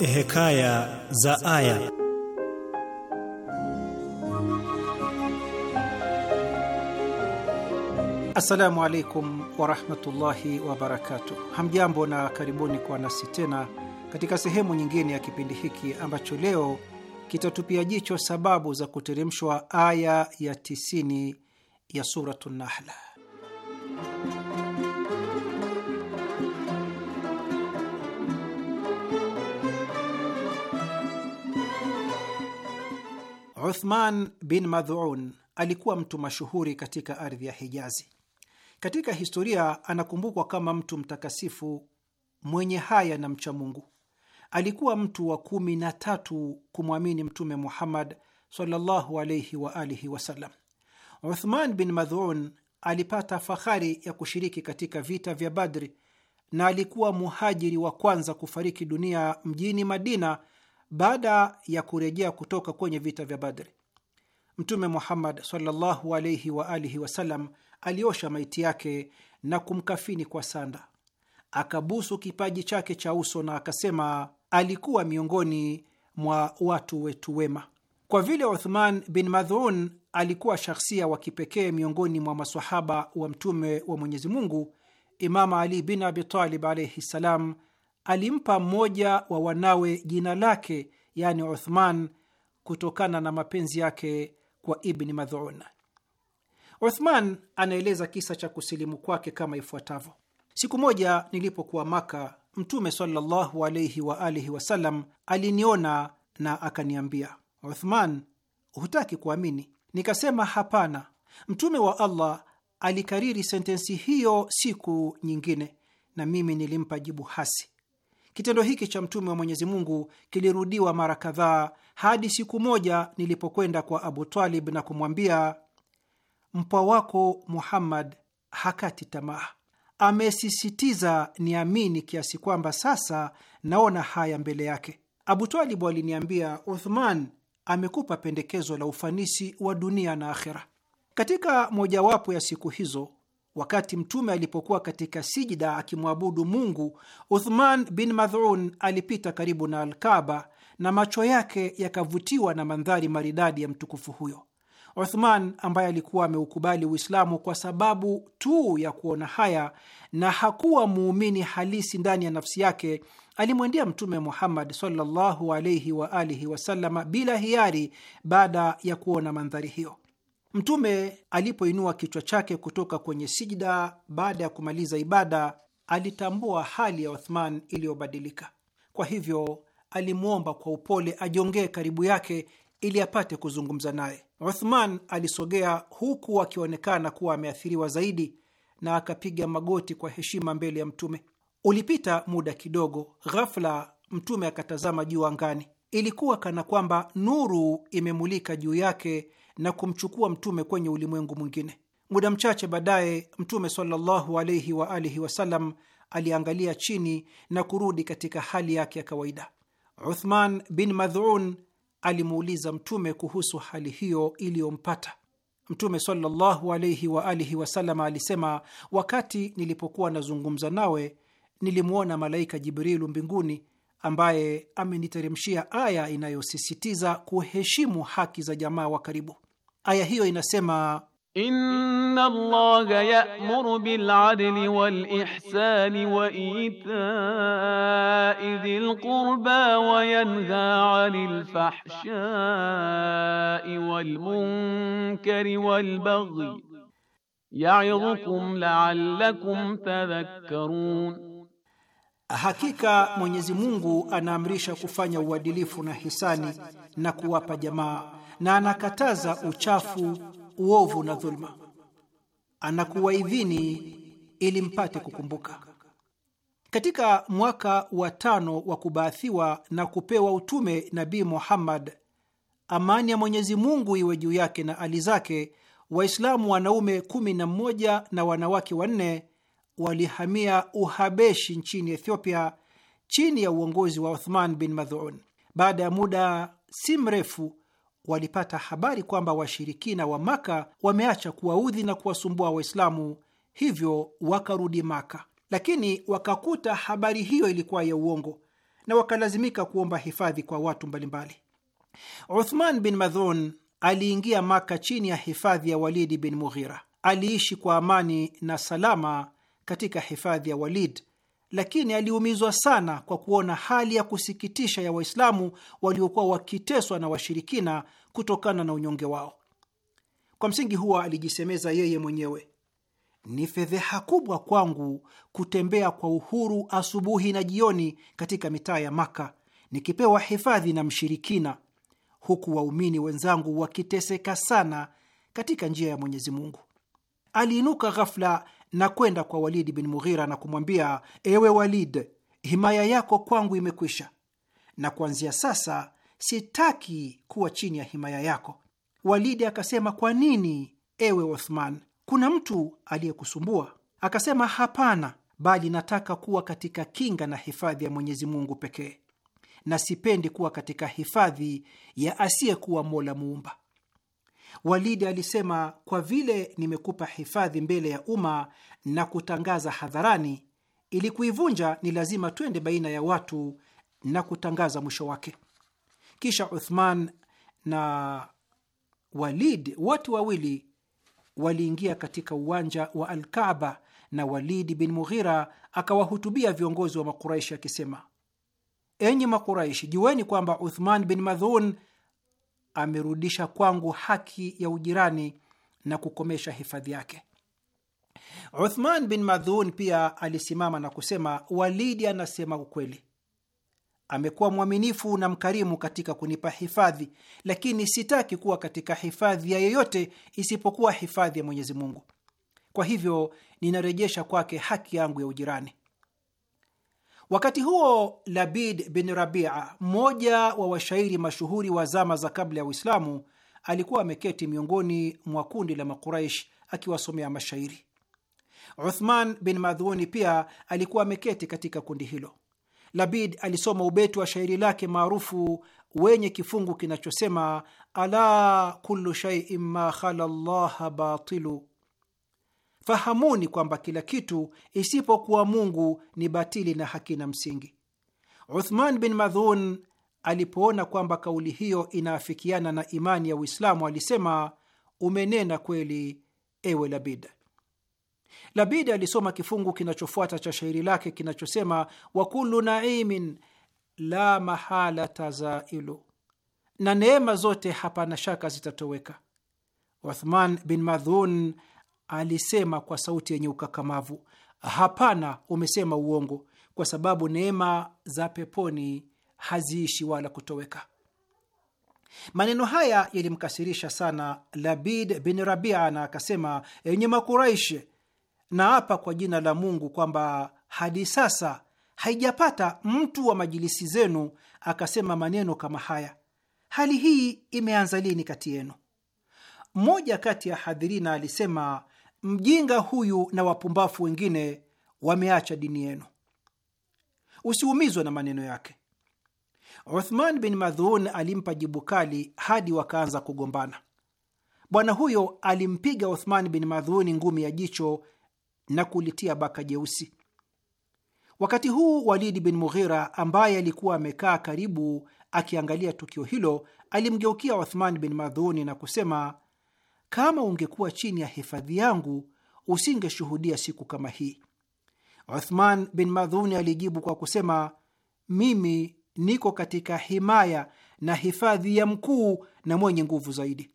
Hekaya za Aya. Assalamu alaikum warahmatullahi wabarakatuh. Hamjambo na karibuni kwa nasi tena katika sehemu nyingine ya kipindi hiki ambacho leo kitatupia jicho sababu za kuteremshwa aya ya 90 ya Suratu Nahla. Uthman bin Madhuun alikuwa mtu mashuhuri katika ardhi ya Hijazi. Katika historia anakumbukwa kama mtu mtakasifu mwenye haya na mcha Mungu. Alikuwa mtu wa kumi na tatu kumwamini Mtume Muhammad sallallahu alaihi wa alihi wasallam. Uthman bin Madhuun alipata fahari ya kushiriki katika vita vya Badri na alikuwa muhajiri wa kwanza kufariki dunia mjini Madina baada ya kurejea kutoka kwenye vita vya Badri. Mtume Muhammad sallallahu alaihi wa alihi wasallam aliosha maiti yake na kumkafini kwa sanda, akabusu kipaji chake cha uso na akasema, alikuwa miongoni mwa watu wetu wema. Kwa vile Uthman bin Madhun alikuwa shakhsia wa kipekee miongoni mwa masahaba wa Mtume wa Mwenyezi Mungu, Imama Ali bin Abi Talib alaihi ssalam alimpa mmoja wa wanawe jina lake, yani Uthman, kutokana na mapenzi yake kwa Ibni Madhun. Uthman anaeleza kisa cha kusilimu kwake kama ifuatavyo: siku moja nilipokuwa Maka, Mtume sallallahu alaihi wa alihi wasallam aliniona na akaniambia, Uthman, hutaki kuamini? Nikasema, hapana. Mtume wa Allah alikariri sentensi hiyo siku nyingine, na mimi nilimpa jibu hasi. Kitendo hiki cha mtume wa Mwenyezi Mungu kilirudiwa mara kadhaa, hadi siku moja nilipokwenda kwa Abu Talib na kumwambia, mpwa wako Muhammad hakati tamaa, amesisitiza niamini kiasi kwamba sasa naona haya mbele yake. Abu Talib aliniambia, Uthman amekupa pendekezo la ufanisi wa dunia na akhera. Katika mojawapo ya siku hizo Wakati Mtume alipokuwa katika sijida akimwabudu Mungu, Uthman bin Madhun alipita karibu na Alkaba na macho yake yakavutiwa na mandhari maridadi ya mtukufu huyo. Uthman ambaye alikuwa ameukubali Uislamu kwa sababu tu ya kuona haya na hakuwa muumini halisi ndani ya nafsi yake, alimwendea Mtume Muhammad sallallahu alaihi waalihi wasalama bila hiari baada ya kuona mandhari hiyo. Mtume alipoinua kichwa chake kutoka kwenye sijida baada ya kumaliza ibada, alitambua hali ya Uthman iliyobadilika. Kwa hivyo alimwomba kwa upole ajongee karibu yake ili apate kuzungumza naye. Uthman alisogea huku akionekana kuwa ameathiriwa zaidi, na akapiga magoti kwa heshima mbele ya Mtume. Ulipita muda kidogo, ghafla Mtume akatazama juu angani. Ilikuwa kana kwamba nuru imemulika juu yake na kumchukua mtume kwenye ulimwengu mwingine. Muda mchache baadaye, Mtume sallallahu alaihi wa alihi wasallam aliangalia chini na kurudi katika hali yake ya kawaida. Uthman bin Madhun alimuuliza Mtume kuhusu hali hiyo iliyompata. Mtume sallallahu alaihi wa alihi wasallam alisema, wakati nilipokuwa nazungumza nawe nilimwona malaika Jibrilu mbinguni ambaye ameniteremshia aya inayosisitiza kuheshimu haki za jamaa wa karibu. Aya hiyo inasema Inna Allaha ya'muru bil adli wal ihsani wa ita'i dhil qurba wa yanha 'anil fahsha'i wal munkari wal baghi ya'idhukum la'allakum tadhakkarun, hakika Mwenyezi Mungu anaamrisha kufanya uadilifu na hisani na kuwapa jamaa na anakataza uchafu, uovu na dhulma. Anakuwa idhini ili mpate kukumbuka. Katika mwaka wa tano wa kubaathiwa na kupewa utume Nabii Muhammad, amani ya Mwenyezi Mungu iwe juu yake na ali zake, Waislamu wanaume kumi na mmoja na wanawake wanne walihamia Uhabeshi nchini Ethiopia chini ya uongozi wa Uthman bin Madhuun. Baada ya muda si mrefu walipata habari kwamba washirikina wa Maka wameacha kuwaudhi na kuwasumbua Waislamu, hivyo wakarudi Maka, lakini wakakuta habari hiyo ilikuwa ya uongo na wakalazimika kuomba hifadhi kwa watu mbalimbali. Uthman bin Madhun aliingia Maka chini ya hifadhi ya Walidi bin Mughira. Aliishi kwa amani na salama katika hifadhi ya Walid lakini aliumizwa sana kwa kuona hali ya kusikitisha ya Waislamu waliokuwa wakiteswa na washirikina kutokana na unyonge wao. Kwa msingi huo, alijisemeza yeye mwenyewe, ni fedheha kubwa kwangu kutembea kwa uhuru asubuhi na jioni katika mitaa ya Maka nikipewa hifadhi na mshirikina, huku waumini wenzangu wakiteseka sana katika njia ya Mwenyezi Mungu. Aliinuka ghafla na kwenda kwa Walidi bin Mughira na kumwambia, ewe Walid, himaya yako kwangu imekwisha, na kuanzia sasa sitaki kuwa chini ya himaya yako. Walidi akasema, kwa nini ewe Uthman? Kuna mtu aliyekusumbua? Akasema, hapana, bali nataka kuwa katika kinga na hifadhi ya Mwenyezi Mungu pekee, na sipendi kuwa katika hifadhi ya asiyekuwa Mola Muumba. Walidi alisema, kwa vile nimekupa hifadhi mbele ya umma na kutangaza hadharani, ili kuivunja ni lazima twende baina ya watu na kutangaza mwisho wake. Kisha Uthman na Walid wote wawili waliingia katika uwanja wa Alkaaba na Walidi bin Mughira akawahutubia viongozi wa Makuraishi akisema, enyi Makuraishi, jueni kwamba Uthman bin Madhun amerudisha kwangu haki ya ujirani na kukomesha hifadhi yake. Uthman bin Madhun pia alisimama na kusema, Walidi anasema ukweli, amekuwa mwaminifu na mkarimu katika kunipa hifadhi, lakini sitaki kuwa katika hifadhi ya yeyote isipokuwa hifadhi ya Mwenyezi Mungu. Kwa hivyo ninarejesha kwake haki yangu ya ujirani. Wakati huo Labid bin Rabia, mmoja wa washairi mashuhuri wa zama za kabla ya Uislamu, alikuwa ameketi miongoni mwa kundi la Makuraish akiwasomea mashairi. Uthman bin Madhuni pia alikuwa ameketi katika kundi hilo. Labid alisoma ubeti wa shairi lake maarufu wenye kifungu kinachosema ala kullu shaiin ma khala llaha batilu Fahamuni kwamba kila kitu isipokuwa Mungu ni batili na hakina msingi. Uthman bin Madhun alipoona kwamba kauli hiyo inaafikiana na imani ya Uislamu alisema, umenena kweli, ewe Labid. Labid alisoma kifungu kinachofuata cha shairi lake kinachosema, wa naimin la mahala tazailu, na neema zote hapana shaka zitatoweka. Uthman bin Madhun alisema kwa sauti yenye ukakamavu, hapana, umesema uongo, kwa sababu neema za peponi haziishi wala kutoweka. Maneno haya yalimkasirisha sana Labid bin Rabia, na akasema, enye Makuraishi, naapa kwa jina la Mungu kwamba hadi sasa haijapata mtu wa majilisi zenu akasema maneno kama haya. Hali hii imeanza lini kati yenu? Mmoja kati ya hadhirina alisema, mjinga huyu na wapumbafu wengine wameacha dini yenu. Usiumizwe na maneno yake. Uthman bin Madhun alimpa jibu kali hadi wakaanza kugombana. Bwana huyo alimpiga Uthman bin Madhuni ngumi ya jicho na kulitia baka jeusi. Wakati huu Walidi bin Mughira ambaye alikuwa amekaa karibu akiangalia tukio hilo alimgeukia Uthman bin Madhuni na kusema, kama ungekuwa chini ya hifadhi yangu usingeshuhudia siku kama hii. Uthman bin Madhuni alijibu kwa kusema, mimi niko katika himaya na hifadhi ya mkuu na mwenye nguvu zaidi.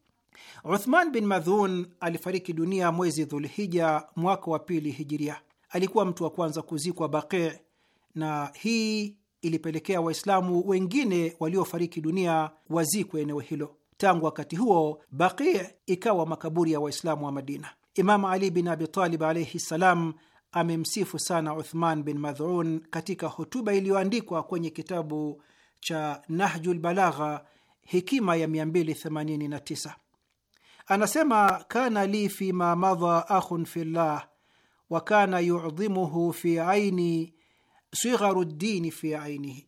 Uthman bin Madhun alifariki dunia mwezi Dhulhija mwaka wa pili hijiria. Alikuwa mtu wa kwanza kuzikwa Baqi, na hii ilipelekea Waislamu wengine waliofariki dunia wazikwe eneo hilo. Tangu wakati huo Baqi ikawa makaburi ya Waislamu wa Madina. Imamu Ali bin Abitalib alaihi ssalam amemsifu sana Uthman bin Madhun katika hotuba iliyoandikwa kwenye kitabu cha nahju lbalagha hikima ya 289 anasema: kana li ma madha akhun llah wa kana yudhimuhu fi aini sigharu ddini fi ainihi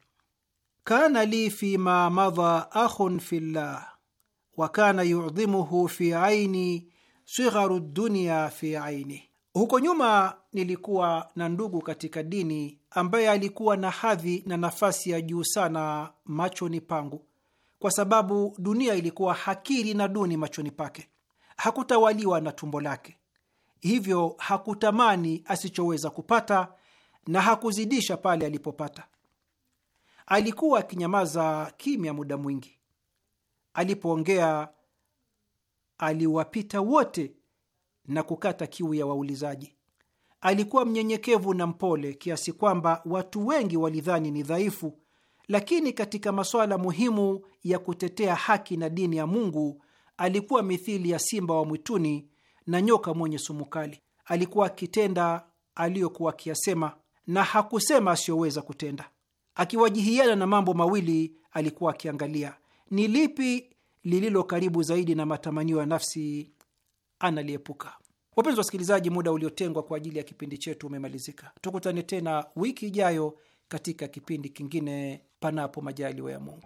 kana li ma madha akhun llah wa kana yudhimuhu fi aini sigharu dunia fi aini. Huko nyuma nilikuwa na ndugu katika dini ambaye alikuwa na hadhi na nafasi ya juu sana machoni pangu, kwa sababu dunia ilikuwa hakiri na duni machoni pake. Hakutawaliwa na tumbo lake, hivyo hakutamani asichoweza kupata na hakuzidisha pale alipopata. Alikuwa akinyamaza kimya muda mwingi. Alipoongea aliwapita wote na kukata kiu ya waulizaji. Alikuwa mnyenyekevu na mpole kiasi kwamba watu wengi walidhani ni dhaifu, lakini katika masuala muhimu ya kutetea haki na dini ya Mungu alikuwa mithili ya simba wa mwituni na nyoka mwenye sumu kali. Alikuwa akitenda aliyokuwa akiyasema na hakusema asiyoweza kutenda. Akiwajihiana na mambo mawili alikuwa akiangalia ni lipi lililo karibu zaidi na matamanio ya nafsi analiepuka. Wapenzi wasikilizaji, muda uliotengwa kwa ajili ya kipindi chetu umemalizika. Tukutane tena wiki ijayo katika kipindi kingine, panapo majaliwa ya Mungu.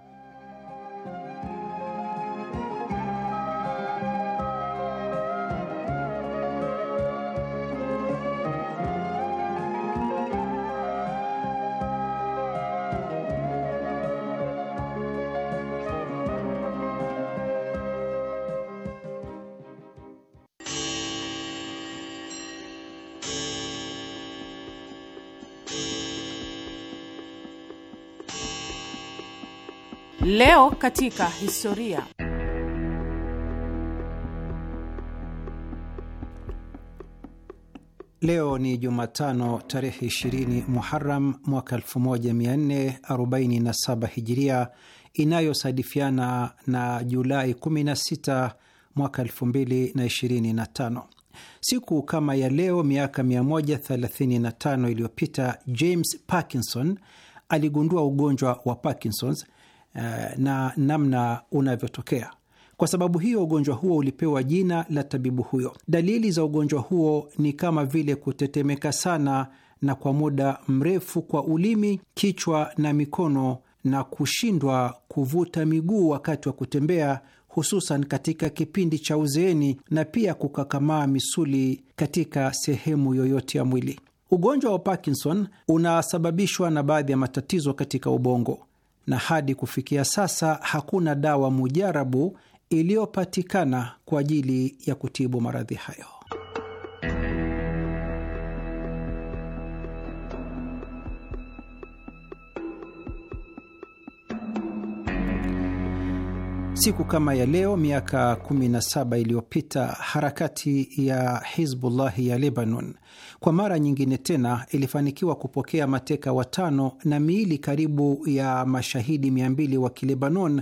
Leo katika historia. Leo ni Jumatano tarehe 20 Muharam mwaka 1447 Hijiria, inayosadifiana na Julai 16 mwaka 2025. Siku kama ya leo miaka 135 iliyopita James Parkinson aligundua ugonjwa wa Parkinson's Eh, na namna unavyotokea. Kwa sababu hiyo ugonjwa huo ulipewa jina la tabibu huyo. Dalili za ugonjwa huo ni kama vile kutetemeka sana na kwa muda mrefu kwa ulimi, kichwa na mikono, na kushindwa kuvuta miguu wakati wa kutembea, hususan katika kipindi cha uzeeni, na pia kukakamaa misuli katika sehemu yoyote ya mwili. Ugonjwa wa Parkinson unasababishwa na baadhi ya matatizo katika ubongo na hadi kufikia sasa hakuna dawa mujarabu iliyopatikana kwa ajili ya kutibu maradhi hayo. Siku kama ya leo miaka 17 iliyopita harakati ya Hizbullahi ya Lebanon kwa mara nyingine tena ilifanikiwa kupokea mateka watano na miili karibu ya mashahidi 200 wa Kilebanon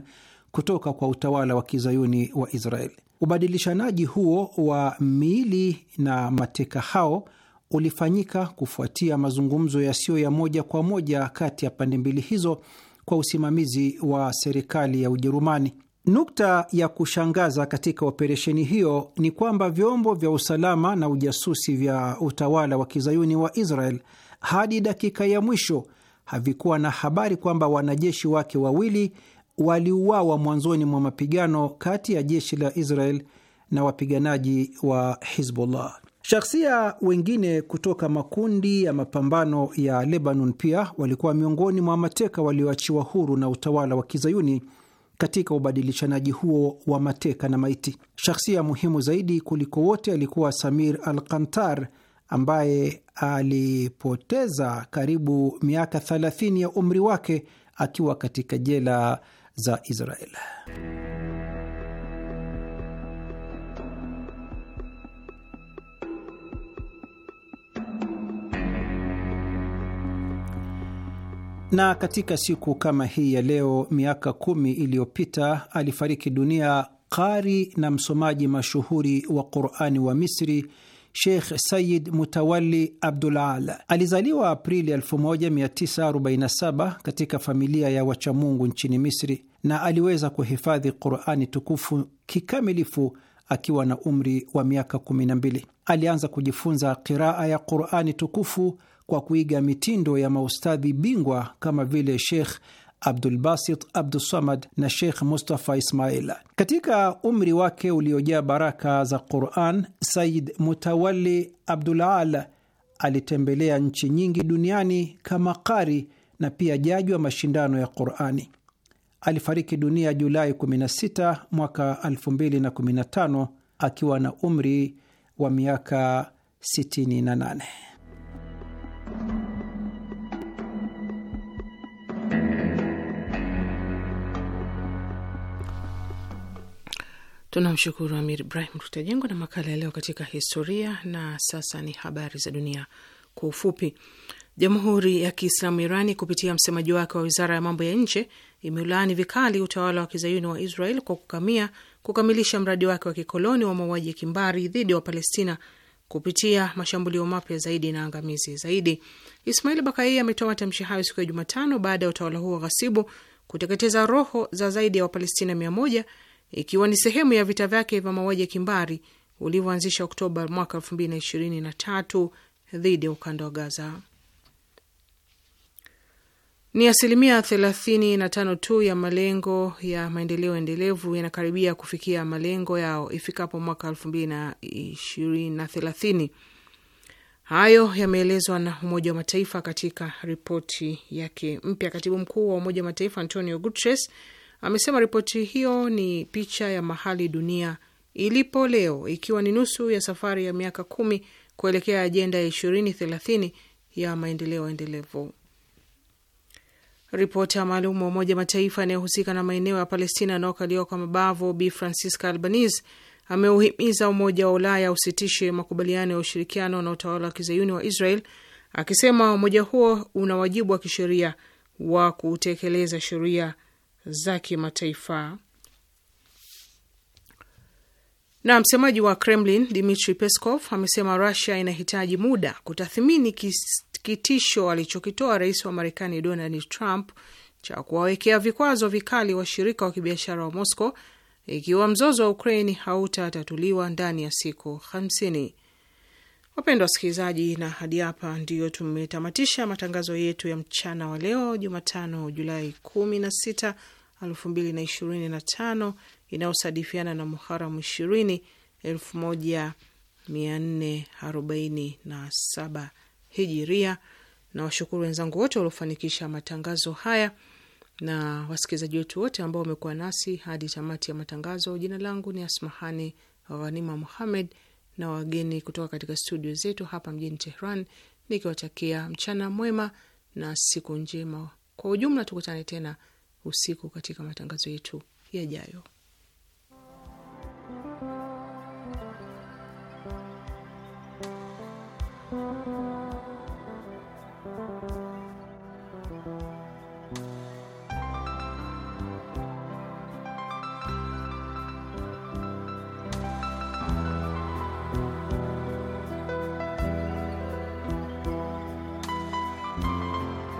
kutoka kwa utawala wa kizayuni wa israel Ubadilishanaji huo wa miili na mateka hao ulifanyika kufuatia mazungumzo yasiyo ya moja kwa moja kati ya pande mbili hizo kwa usimamizi wa serikali ya Ujerumani. Nukta ya kushangaza katika operesheni hiyo ni kwamba vyombo vya usalama na ujasusi vya utawala wa kizayuni wa Israel hadi dakika ya mwisho havikuwa na habari kwamba wanajeshi wake wawili waliuawa mwanzoni mwa mapigano kati ya jeshi la Israel na wapiganaji wa Hizbullah. Shakhsia wengine kutoka makundi ya mapambano ya Lebanon pia walikuwa miongoni mwa mateka walioachiwa huru na utawala wa kizayuni katika ubadilishanaji huo wa mateka na maiti. Shahsia muhimu zaidi kuliko wote alikuwa Samir al kantar ambaye alipoteza karibu miaka 30 ya umri wake akiwa katika jela za Israeli. Na katika siku kama hii ya leo miaka kumi iliyopita alifariki dunia qari na msomaji mashuhuri wa Qurani wa Misri Sheikh Sayid Mutawalli Abdul alizaliwa Aprili 1947 katika familia ya wachamungu nchini Misri na aliweza kuhifadhi Qurani tukufu kikamilifu akiwa na umri wa miaka 12. Alianza kujifunza qiraa ya Qurani tukufu kwa kuiga mitindo ya maustadhi bingwa kama vile Sheikh Abdulbasit Abdusamad na Sheikh Mustafa Ismail. Katika umri wake uliojaa baraka za Quran, Said mutawali abdulal alitembelea nchi nyingi duniani kama qari na pia jaji wa mashindano ya Qurani. Alifariki dunia Julai 16 mwaka 2015 akiwa na umri wa miaka 68. Tunamshukuru Amir Ibrahim Rutajengwa na makala ya leo katika historia. Na sasa ni habari za dunia kwa ufupi. Jamhuri ya Kiislamu Irani kupitia msemaji wake wa wizara ya mambo ya nje imeulaani vikali utawala wa kizayuni wa Israel kwa kukamia kukamilisha mradi wake wa kikoloni wa mauaji ya kimbari dhidi ya Wapalestina kupitia mashambulio mapya zaidi na angamizi zaidi. Ismail Bakai ametoa matamshi hayo siku ya Jumatano baada ya utawala huo ghasibu kuteketeza roho za zaidi ya Wapalestina mia moja ikiwa ni sehemu ya vita vyake vya mauaji ya kimbari ulivyoanzisha Oktoba mwaka elfu mbili na ishirini na tatu dhidi ya ukanda wa Gaza. Ni asilimia 35 tu ya malengo ya maendeleo endelevu yanakaribia kufikia malengo yao ifikapo mwaka thelathini. Hayo yameelezwa na Umoja wa Mataifa katika ripoti yake mpya. Katibu mkuu wa Umoja wa Mataifa Antonio Guterres amesema ripoti hiyo ni picha ya mahali dunia ilipo leo, ikiwa ni nusu ya safari ya miaka kumi kuelekea ajenda ya ishirini thelathini ya maendeleo endelevu. Ripoti ya maalum wa Umoja Mataifa anayehusika na maeneo ya Palestina anaokaliwa kwa mabavu Bi Francisca Albanese ameuhimiza Umoja wa Ulaya usitishe makubaliano ya ushirikiano na utawala wa kizayuni wa Israel, akisema umoja huo una wajibu wa kisheria wa kutekeleza sheria za kimataifa. Na msemaji wa Kremlin Dmitri Peskov amesema Rusia inahitaji muda kutathmini kitisho alichokitoa rais wa Marekani Donald Trump cha kuwawekea vikwazo vikali washirika wa kibiashara wa Moscow ikiwa mzozo wa Ukraini hautatatuliwa ndani ya siku hamsini Wapendwa wasikilizaji, na hadi hapa ndiyo tumetamatisha matangazo yetu ya mchana wa leo Jumatano Julai 16225 inayosadifiana na Muharamu ishirini hijiria. Na washukuru wenzangu wote waliofanikisha matangazo haya na wasikilizaji wetu wote ambao wamekuwa nasi hadi tamati ya matangazo. Jina langu ni Asmahani Ghanima Muhammed na wageni kutoka katika studio zetu hapa mjini Tehran, nikiwatakia mchana mwema na siku njema kwa ujumla. Tukutane tena usiku katika matangazo yetu yajayo.